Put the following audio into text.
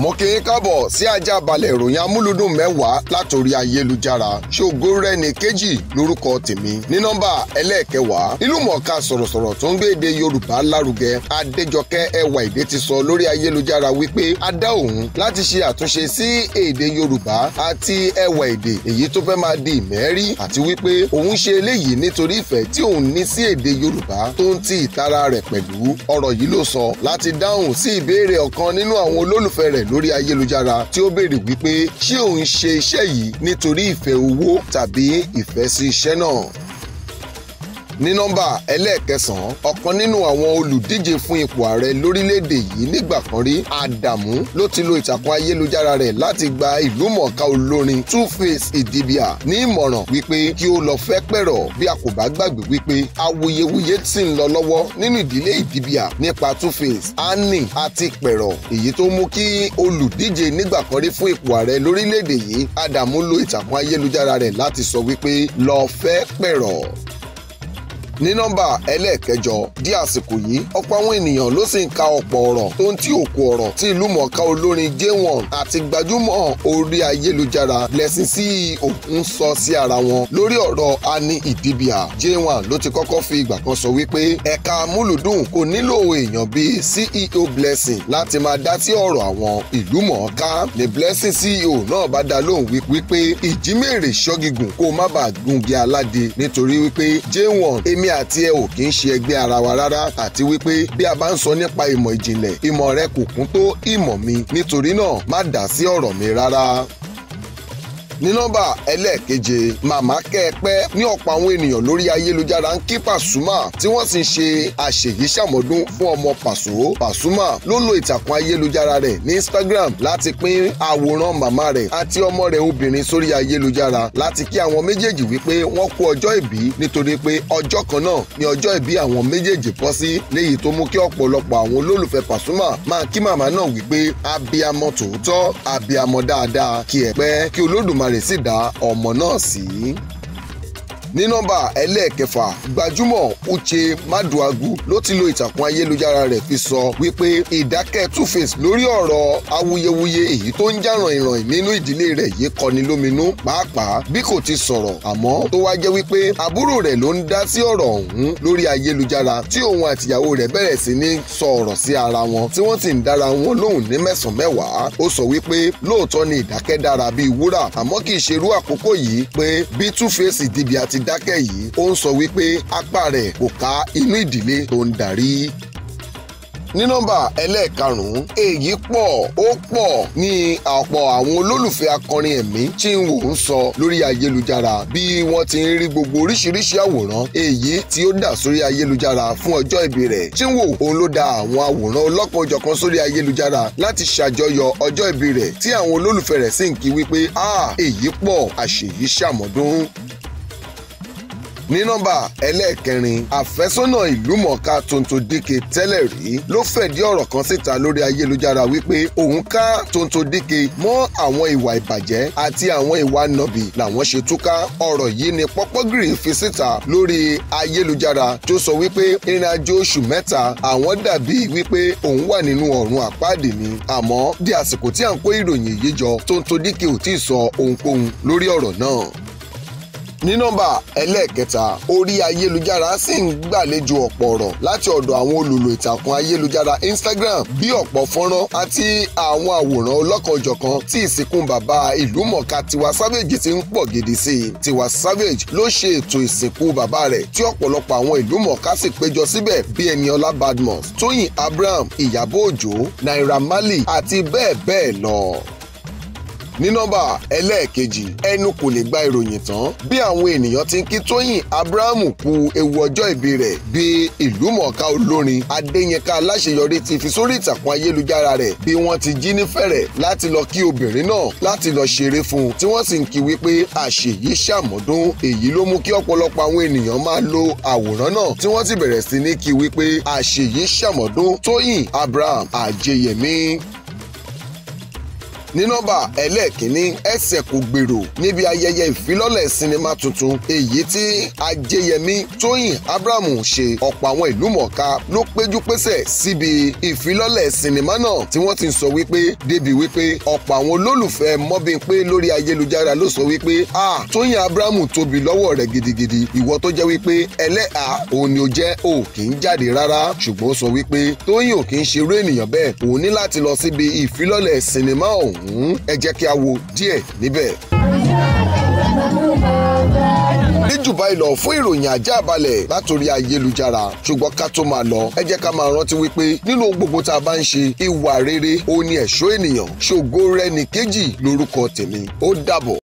mo kì í kábọ̀ sí ajá balẹ̀ ìròyìn amúlùdùn mẹ́wàá látòrí ayélujára ṣògo rẹni kejì lórúkọ tèmi ní nọ́mbà ẹlẹ́ẹ̀kẹwàá ìlúmọ̀ọ́ká sọ̀rọ̀sọ̀rọ̀ tó ń gbé èdè yorùbá lárugẹ adéjọkẹ́ ẹwà ìdè ti sọ lórí ayélujára wípé a dá òun láti ṣe àtúnṣe sí èdè yorùbá àti ẹwà èdè èyí tó fẹ́ máa di ìmẹ́rí àti wípé òun ṣe eléyìí nítorí ìfẹ́ tí òun ní sí èdè yorùbá tó ń ti ìtara rẹ̀ pẹ̀lú ọ̀rọ̀ yìí ló sọ láti dáhùn sí ìbéèrè ọ̀kan nínú àwọn olólùfẹ́ rẹ̀ lórí ayélujára tí ó béèrè wípé ṣé òun ṣe iṣẹ́ yìí nítorí ìfẹ́ owó tàbí ìfẹ́ sí iṣẹ́ náà ní nọ́mbà ẹlẹ́ẹ̀kẹsàn-án ọ̀kan nínú àwọn olùdíje fún ipò ààrẹ lórílẹ̀‐èdè yìí nígbà kan rí Àdàmú ló ti lo ìtàkùn ayélujára rẹ̀ láti gba ìlúmọ̀ọ́ká olórin Two Face Idibia ní ìmọ̀ràn wípé kí ó lọ fẹ́ pẹ̀rọ̀ bí a kò bá gbàgbé wípé awuyewuye ti ń lọ lọ́wọ́ nínú ìdílé Idibia nípa Two Face ani àti pẹ̀rọ̀ èyí tó mú kí olùdíje nígbà kan rí fún ipò ààrẹ lórílẹ̀‐èdè yìí Àdàmú lo ìtàkùn ayélujára rẹ̀ láti sọ wípé lọ fẹ́ pẹ̀rọ̀ ní nọ́mbà ẹlẹ́ẹ̀kẹjọ di àsìkò yìí ọ̀pọ̀ àwọn ènìyàn ló sì ń ka ọ̀pọ̀ ọ̀rọ̀ tó ń tí òkú ọ̀rọ̀ tí ìlú mọ̀ọ́ká olórin j1 àti gbajúmọ̀ orí ayélujára Blessing CEO ń sọ sí ara wọn lórí ọ̀rọ̀ Annie Idibia j1 ló ti kọ́kọ́ fi ìgbà kan sọ wípé ẹ̀ka amúlùdùn kò nílò èèyàn bíi CEO Blessing láti máa dá sí ọ̀rọ̀ àwọn ìlú mọ̀ọ́ká ni Blessing CEO náà bá dá lóhùn wípé ìjímèrè ṣọ́gígùn j1 èmi àti ẹ ò kì í ṣe ẹgbẹ́ ara wa rárá àti wípé bí a bá ń sọ nípa ìmọ̀ ìjìnlẹ̀ ìmọ̀ rẹ kò kún tó ìmọ̀ mi nítorí náà má dá sí ọ̀rọ̀ mi rárá ní nọ́mbà ẹlẹ́ẹ̀keje màmá kẹ́ẹ̀pẹ́ ní ọ̀pọ̀ àwọn ènìyàn lórí ayélujára ń kí Pasuma tí wọ́n sì ń ṣe àṣèyíṣàmọ́dún fún ọmọ Paso Pasuma ló lo ìtàkùn ayélujára rẹ̀ ní Instagram láti pín àwòrán màmá rẹ̀ àti ọmọ rẹ̀ obìnrin sórí ayélujára láti kí àwọn méjèèjì wípé wọ́n kú ọjọ́ ìbí nítorí pé ọjọ́ kan náà ni ọjọ́ ìbí àwọn méjèèjì pọ́ sí léyìí tó mú kí ọ̀pọ̀lọpọ̀ àwọn olólùfẹ́ Pasuma máa kí màmá náà wípé abiyamọ tòótọ́ abiyamọ dáadáa kí ẹ pẹ́ kí Olódùmarè rẹ̀ sì dá ọmọ náà sí ní nọ́mbà ẹlẹ́ẹ̀kẹfà gbajúmọ̀ Uche Maduagu ló ti lo ìtàkùn ayélujára rẹ̀ fi sọ wípé ìdákẹ́ Tuface lórí ọ̀rọ̀ awuyewuye èyí tó ń jà ràìnràìn nínú ìdílé rẹ̀ yìí kọni lóminú pàápàá bí kò ti sọ̀rọ̀ àmọ́ tó wá jẹ́ wípé àbúrò rẹ̀ ló ń dá sí ọ̀rọ̀ ọ̀hún lórí ayélujára tí òun àtìyàwó rẹ̀ bẹ̀rẹ̀ sí ní sọ ọ̀rọ̀ sí ara wọn tí wọ́n ti ń dára wọn lóhùn ní mẹ́sàn-án mẹ́wàá ó sọ wípé lóòótọ́ ni ìdákẹ́ dára bíi wúrà àmọ́ kì í ṣerú àkókò yìí pé bí Tuface dìbì àti dákẹ́ yìí ó ń sọ wípé apá rẹ̀ kò ká inú ìdílé tó ń darí ní nọ́mbà ẹlẹ́ẹ̀karùn-ún èyí pọ̀ ó pọ̀ ní ọ̀pọ̀ àwọn olólùfẹ́ akọrin ẹ̀mí Chinwo ń sọ lórí ayélujára bí wọ́n ti ń rí gbogbo oríṣiríṣi àwòrán èyí tí ó dà sórí ayélujára fún ọjọ́ ìbí rẹ̀ Chinwo òun ló da àwọn àwòrán ọlọ́kan òjọ̀kan sórí ayélujára láti ṣàjọyọ̀ ọjọ́ ìbí rẹ̀ tí àwọn olólùfẹ́ rẹ̀ sì ń kí wípé a èyí pọ̀ àṣèyí ṣàmọ́dún ní nọ́mbà ẹlẹ́ẹ̀kẹrin àfẹ́sọ́nà ìlúmọ̀ọ́ká Tonto Dike tẹ́lẹ̀ rí ló fẹ̀dí ọ̀rọ̀ kan síta lórí ayélujára wípé òun ká Tonto Dike mọ́ àwọn ìwà ìbàjẹ́ àti àwọn ìwà nọ̀bì làwọn ṣe túká ọ̀rọ̀ yìí ni Pọ́pọ́gìrì fi síta lórí ayélujára tó sọ wípé ìrìnàjò oṣù mẹ́ta àwọn dàbí wípé òun wà nínú ọ̀run àpáàdì ni àmọ́ di àsìkò tí à ń kó ìròyìn yìí jọ Tonto Dike ò tí ì sọ ohunkóhun lórí ọ̀rọ̀ náà ní nọ́mbà ẹlẹ́ẹ̀kẹta orí ayélujára sì ń gbàlejò ọ̀pọ̀ ọ̀rọ̀ láti ọ̀dọ̀ àwọn olùlò ìtàkùn ayélujára Instagram bí ọ̀pọ̀ fọ́nrán àti àwọn àwòrán ọlọ́kanòjọ̀kan tí ìsìnkú bàbá ìlú mọ̀ọ́ká Tiwa Savage ti ń pọ̀ gidi sí i Tiwa Savage ló ṣe ètò ìsìnkú bàbá rẹ̀ tí ọ̀pọ̀lọpọ̀ àwọn ìlú mọ̀ọ́ká sì péjọ síbẹ̀ bí Eniola Badmus Tóyìn Abraham Ìyábọ̀ Òjó Naira Marley àti bẹ́ẹ̀ bẹ́ẹ̀ lọ ní nọ́mbà ẹlẹ́ẹ̀kejì ẹnu kò lè gba ìròyìn tán bí àwọn ènìyàn ti ń kí Tóyìn Abrahamu kú ewu ọjọ́ ìbí rẹ̀ bí ìlú mọ̀ọ́ká olórin Adéyínká Aláṣeyọrí ti fi sórí ìtàkùn ayélujára rẹ̀ bí wọ́n ti jí ní fẹ̀rẹ̀ láti lọ kí obìnrin náà láti lọ ṣeré fún un tí wọ́n sì ń kí wípé àṣèyí ṣàmọ́dún èyí ló mú kí ọ̀pọ̀lọpọ̀ àwọn ènìyàn máa lo àwòrán náà tí wọ́n sì bẹ̀rẹ̀ sí ní kí wípé àṣèyí ṣàmọ́dún Tóyìn Abraham Àjẹyẹmí ní nọ́mbà ẹlẹ́ẹ̀kínní ẹsẹ̀ kò gbèrò níbi ayẹyẹ ìfilọ́lẹ̀ sinimá tuntun èyí tí ajẹyẹmí tóyìn abrahamu ṣe ọ̀pọ̀ àwọn ìlú mọ̀ọ́ká ló péjú pésẹ̀ síbi ìfilọ́lẹ̀ sinimá náà tí wọ́n ti sọ wípé débi wípé ọ̀pọ̀ àwọn olólùfẹ́ mọ́bìnpé lórí ayélujára ló sọ wípé a tóyìn abrahamu tóbi lọ́wọ́ rẹ̀ gidigidi ìwọ tó jẹ́ wípé ẹlẹ́à òun ni ó jẹ́ ò kì í jáde rárá ṣùgbọ́n ó sọ wípé tóyìn ò kì í ọ̀hún mm-hmm. ẹ jẹ́ kí a wo díẹ̀ níbẹ̀. ní jù báyìí lọ fún ìròyìn ajá balẹ̀ látòrí ayélujára ṣùgbọ́n ká tó máa lọ ẹ jẹ́ ká máa rántí wípé nínú gbogbo tá a bá ń ṣe ìwà rere ó ní ẹ̀ṣọ́ ènìyàn ṣògo rẹ̀ nìkejì lórúkọ tèmi ó dàbọ̀.